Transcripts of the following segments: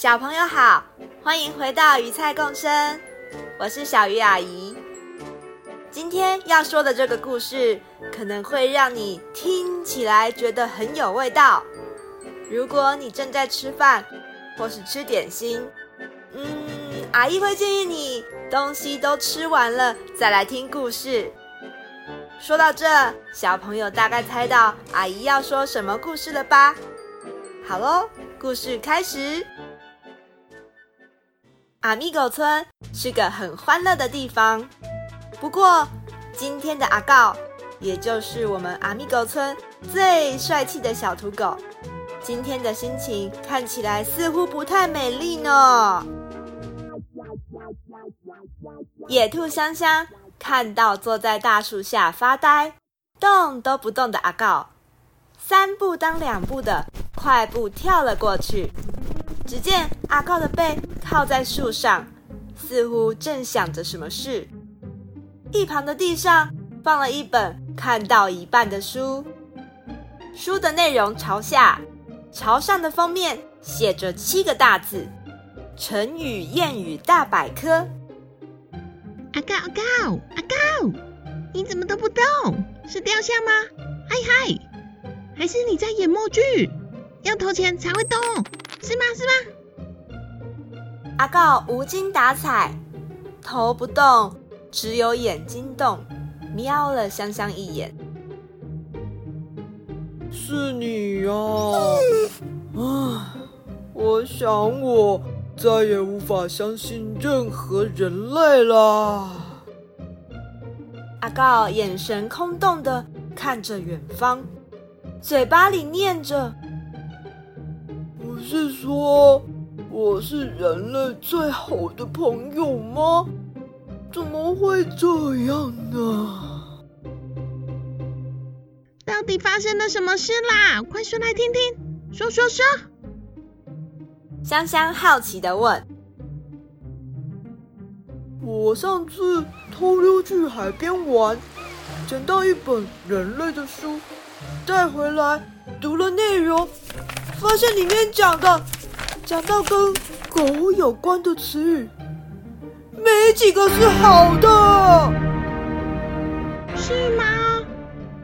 小朋友好，歡迎回到魚菜共聲，我是小魚阿姨。今天要說的這個故事可能會讓你聽起來覺得很有味道。如果你正在吃飯或是吃點心，嗯，阿姨會建議你東西都吃完了再來聽故事。說到這，小朋友大概猜到阿姨要說什麼故事了吧？好嘍，故事開始。阿咪狗村是個很歡樂的地方，不過今天的阿告，也就是我們 Amigo 村最帥氣的小土狗，今天的心情看起來似乎不太美麗呢。野兔香香看到坐在大樹下發呆、動都不動的阿告，三步當兩步的快步跳了過去。只見阿告的背靠在樹上，似乎正想着什麼事。一旁的地上放了一本看到一半的書，書的內容朝下，朝上的封面寫着七個大字：“成語諺語大百科”。阿告阿告阿告，你怎麼都不動？是雕像嗎？嗨嗨，還是你在演默劇？要投錢才會動。是嗎？是嗎？阿告無精打采，頭不動，只有眼睛動，瞄了香香一眼。是你哦、啊嗯！啊，我想我再也無法相信任何人類了。阿告眼神空洞的看着遠方，嘴巴裡念着。是說我是人類最好的朋友嗎？怎麼會這樣呢？到底發生了什麼事啦？快說來聽聽！說說說！香香好奇地問：“我上次偷溜去海邊玩，撿到一本人類的書，帶回來讀了內容。”發現裡面講的，講到跟狗有關的詞語，沒幾個是好的，是嗎？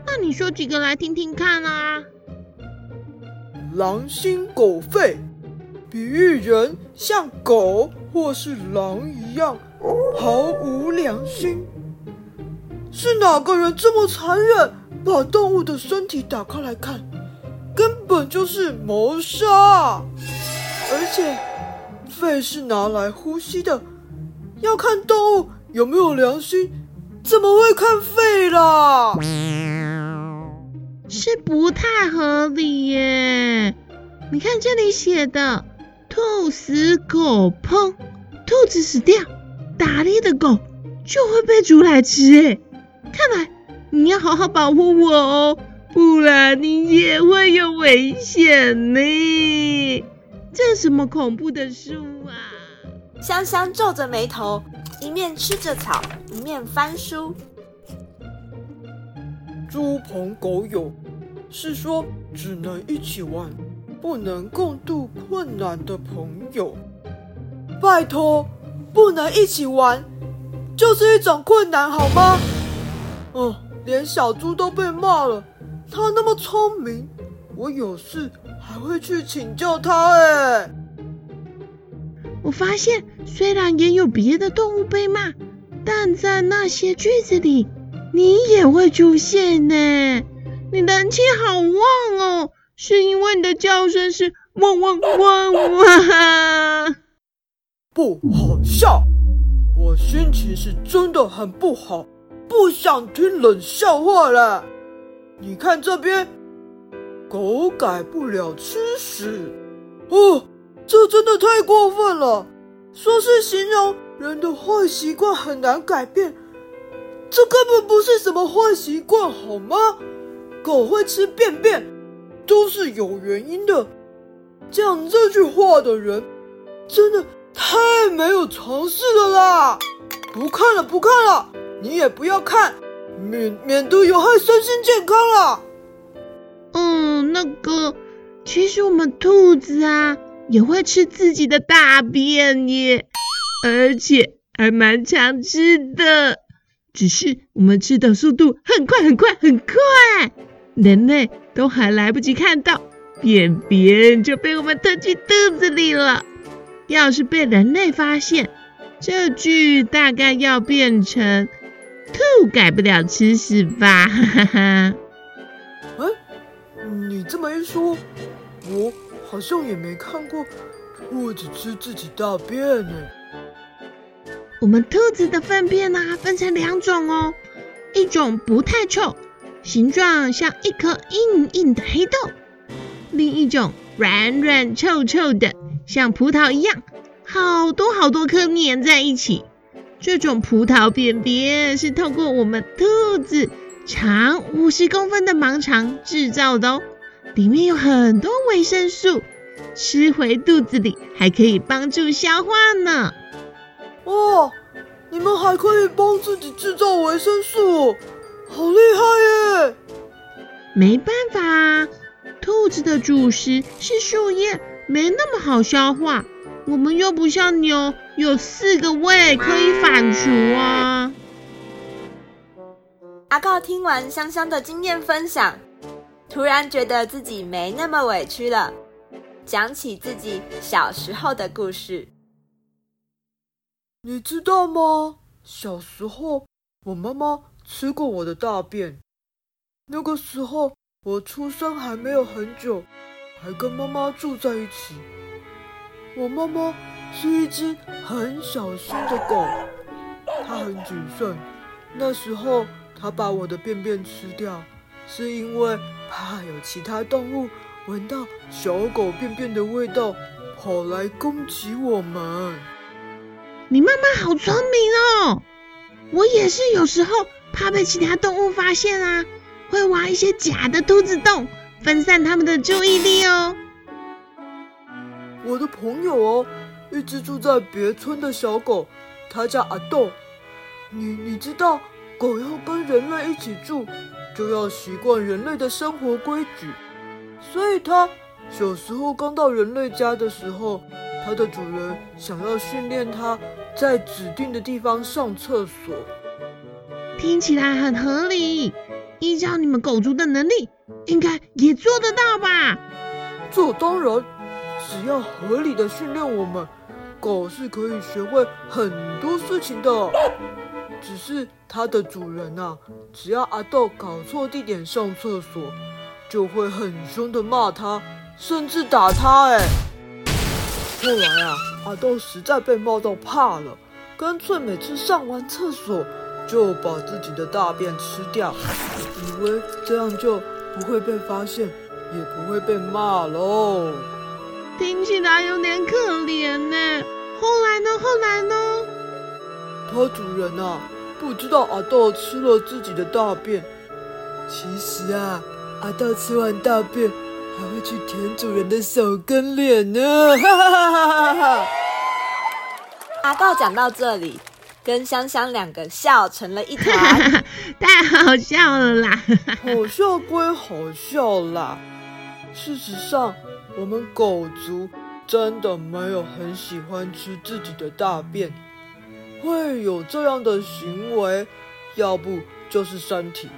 那你說幾個來聽聽看啊？狼心狗肺，比喻人像狗或是狼一樣，毫無良心。是哪個人這麼殘忍，把動物的身體打開來看？本就是謀殺，而且肺是拿來呼吸的，要看動物有沒有良心，怎麼會看肺啦？是不太合理耶。你看這裡寫的，兔死狗烹，兔子死掉，打獵的狗就會被煮來吃。哎，看來你要好好保護我哦。不然你也會有危險呢。這什麼恐怖的書啊？香香皺着眉頭，一面吃着草，一面翻書。豬朋狗友，是說只能一起玩，不能共度困難的朋友。拜托，不能一起玩，就是一種困難，好嗎？哦，連小豬都被罵了。他那麼聰明，我有事還會去請教他哎。我發現雖然也有別的動物被罵，但在那些句子裡，你也會出現耶。你人氣好旺哦，是因為你的叫聲是旺旺旺旺，不好笑，我心情是真的很不好，不想聽冷笑話了。你看這邊，狗改不了吃屎，哦，這真的太過分了！說是形容人的壞習慣很難改變，這根本不是什麼壞習慣，好嗎？狗會吃便便，都是有原因的。講這句話的人，真的太沒有常識了啦！不看了，不看了，你也不要看。免免得有害身心健康啊。嗯，那個，其實我們兔子啊也會吃自己的大便耶，而且還蠻常吃的。只是我們吃的速度很快很快很快，人類都還來不及看到，便便就被我們吞進肚子裡了。要是被人類發現，這句大概要變成。兔改不了吃屎吧、 欸，哈哈哈！嗯，你這麼一說，我好像也沒看過兔子吃自己大便呢。我們兔子的糞便呢，分成兩種哦，一種不太臭，形狀像一顆硬硬的黑豆；另一種軟軟臭臭的，像葡萄一樣，好多好多顆粘在一起。這種葡萄便便是透過我們兔子長五十公分的盲腸制造的哦，裡面有很多維生素，吃回肚子裡還可以幫助消化呢。哇、哦，你們還可以幫自己制造維生素，好厲害耶！沒辦法啊，兔子的主食是樹葉，沒那麼好消化。我們又不像牛，有四個胃可以反芻啊！阿告聽完香香的經驗分享，突然覺得自己沒那麼委屈了，講起自己小時候的故事。你知道嗎？小時候，我媽媽吃過我的大便。那個時候，我出生還沒有很久，還跟媽媽住在一起。我媽媽是一隻很小心的狗，它很謹慎。那時候，它把我的便便吃掉，是因為怕有其他動物聞到小狗便便的味道，跑來攻擊我們。你媽媽好聰明哦！我也是，有時候怕被其他動物發現啊，會挖一些假的兔子洞，分散它們的注意力哦。朋友哦，一直住在別村的小狗，它叫阿告。你你知道，狗要跟人類一起住，就要習慣人類的生活規矩。所以它小時候剛到人類家的時候，它的主人想要訓練它在指定的地方上廁所。聽起來很合理，依照你們狗族的能力，應該也做得到吧？這當然。只要合理的訓練，我們狗是可以學會很多事情的。只是它的主人啊，只要阿告搞錯地點上廁所，就會很凶的罵他，甚至打他。欸。哎，後來啊，阿告實在被罵到怕了，乾脆每次上完廁所就把自己的大便吃掉，以為這樣就不會被發現，也不會被罵嘍。聽起來有點可憐呢。後來呢？後來呢？它主人啊，不知道阿告吃了自己的大便。其實啊，阿告吃完大便，還會去舔主人的手跟臉呢。 阿告講到這裡，跟香香兩個笑成了一團， 太好笑了啦！ 好笑歸好笑啦，事實上。我們狗族真的沒有很喜歡吃自己的大便，會有這樣的行為，要不就是身體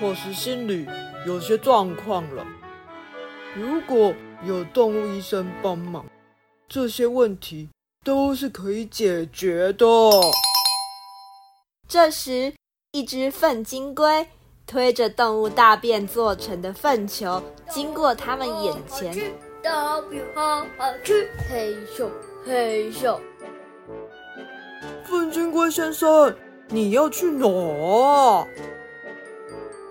或是心理有些狀況了。如果有動物醫生幫忙，這些問題都是可以解決的。這時，一只糞金龜推着動物大便做成的糞球經過他們眼前。大便好好吃，嘿咻嘿咻。糞金龜先生，你要去哪？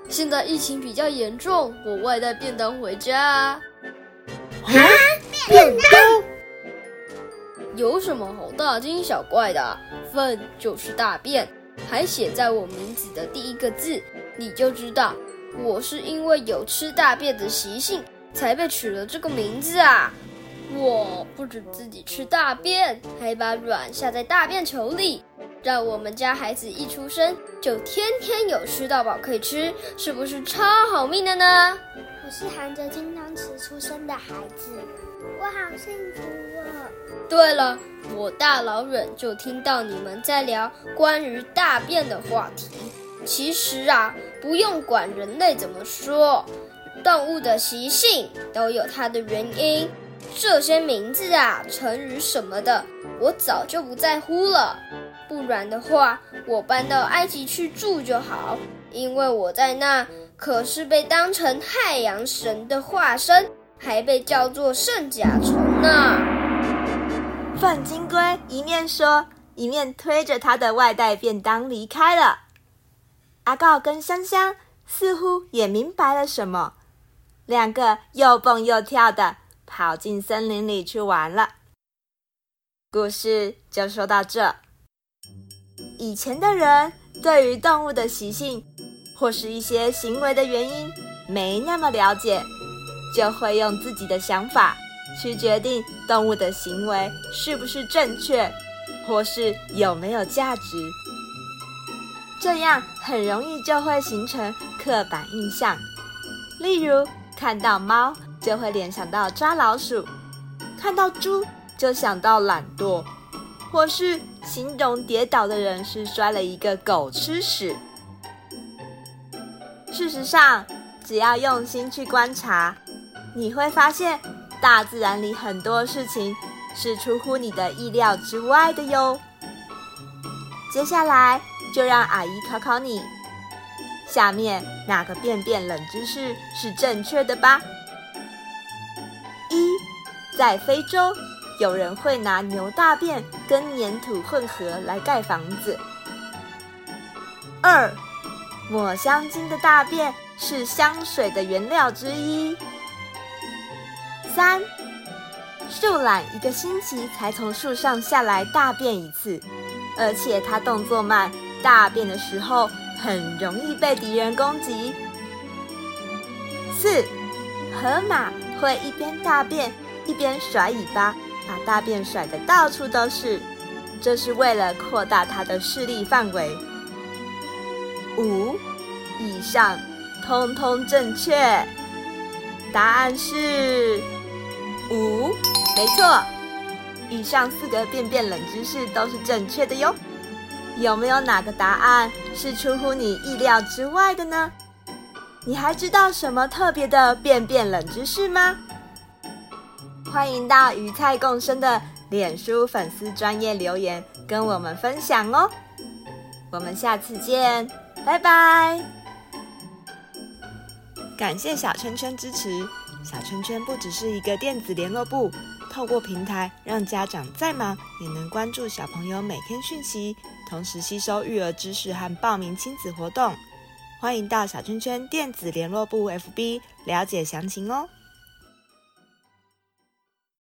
現在疫情比較嚴重，我外帶便當回家。啊，便當？有什麼好大驚小怪的？糞就是大便，還寫在我名字的第一個字，你就知道我是因為有吃大便的習性。才被取了這個名字啊！我不止自己吃大便，還把卵下在大便球裡，讓我們家孩子一出生就天天有吃到飽可以吃，是不是超好命的呢？我是含着金湯匙出生的孩子，我好幸福哦！對了，我大老遠就聽到你們在聊關於大便的話題，其實啊，不用管人類怎麼說。動物的習性都有它的原因，這些名字啊、成語什麼的，我早就不在乎了。不然的話，我搬到埃及去住就好，因為我在那可是被當成太陽神的化身，還被叫做聖甲蟲呢啊。范金龜一面說，一面推着他的外帶便當離開了。阿告跟香香似乎也明白了什麼。兩個又蹦又跳的跑進森林裡去玩了。故事就說到這。以前的人對於動物的習性或是一些行為的原因沒那麼了解，就會用自己的想法去決定動物的行為是不是正確，或是有沒有價值。這樣很容易就會形成刻板印象，例如。看到貓就會聯想到抓老鼠，看到豬就想到懶惰，或是形容跌倒的人是摔了一個狗吃屎。事實上，只要用心去觀察，你會發現大自然裡很多事情是出乎你的意料之外的喲。接下來就讓阿姨考考你。下面哪個便便冷知識是正確的吧？一，在非洲，有人會拿牛大便跟粘土混合來蓋房子。二，抹香鯨的大便是香水的原料之一。三，樹懶一個星期才從樹上下來大便一次，而且它動作慢，大便的時候。很容易被敵人攻擊。四，河馬會一邊大便一邊甩尾巴，把大便甩得到處都是，這是為了擴大它的勢力範圍。五，以上通通正確。答案是五，沒錯。以上四個便便冷知識都是正確的喲。有沒有哪個答案？是出乎你意料之外的呢？你還知道什麼特別的便便冷知識嗎？歡迎到魚菜共聲的臉書粉絲專頁留言跟我們分享哦。我們下次見，拜拜！感謝小圈圈支持，小圈圈不只是一個電子聯絡簿。透過平台，讓家長再忙也能關注小朋友每天訊息，同時吸收育兒知識和報名親子活動。歡迎到小圈圈電子聯絡簿 FB 了解詳情哦。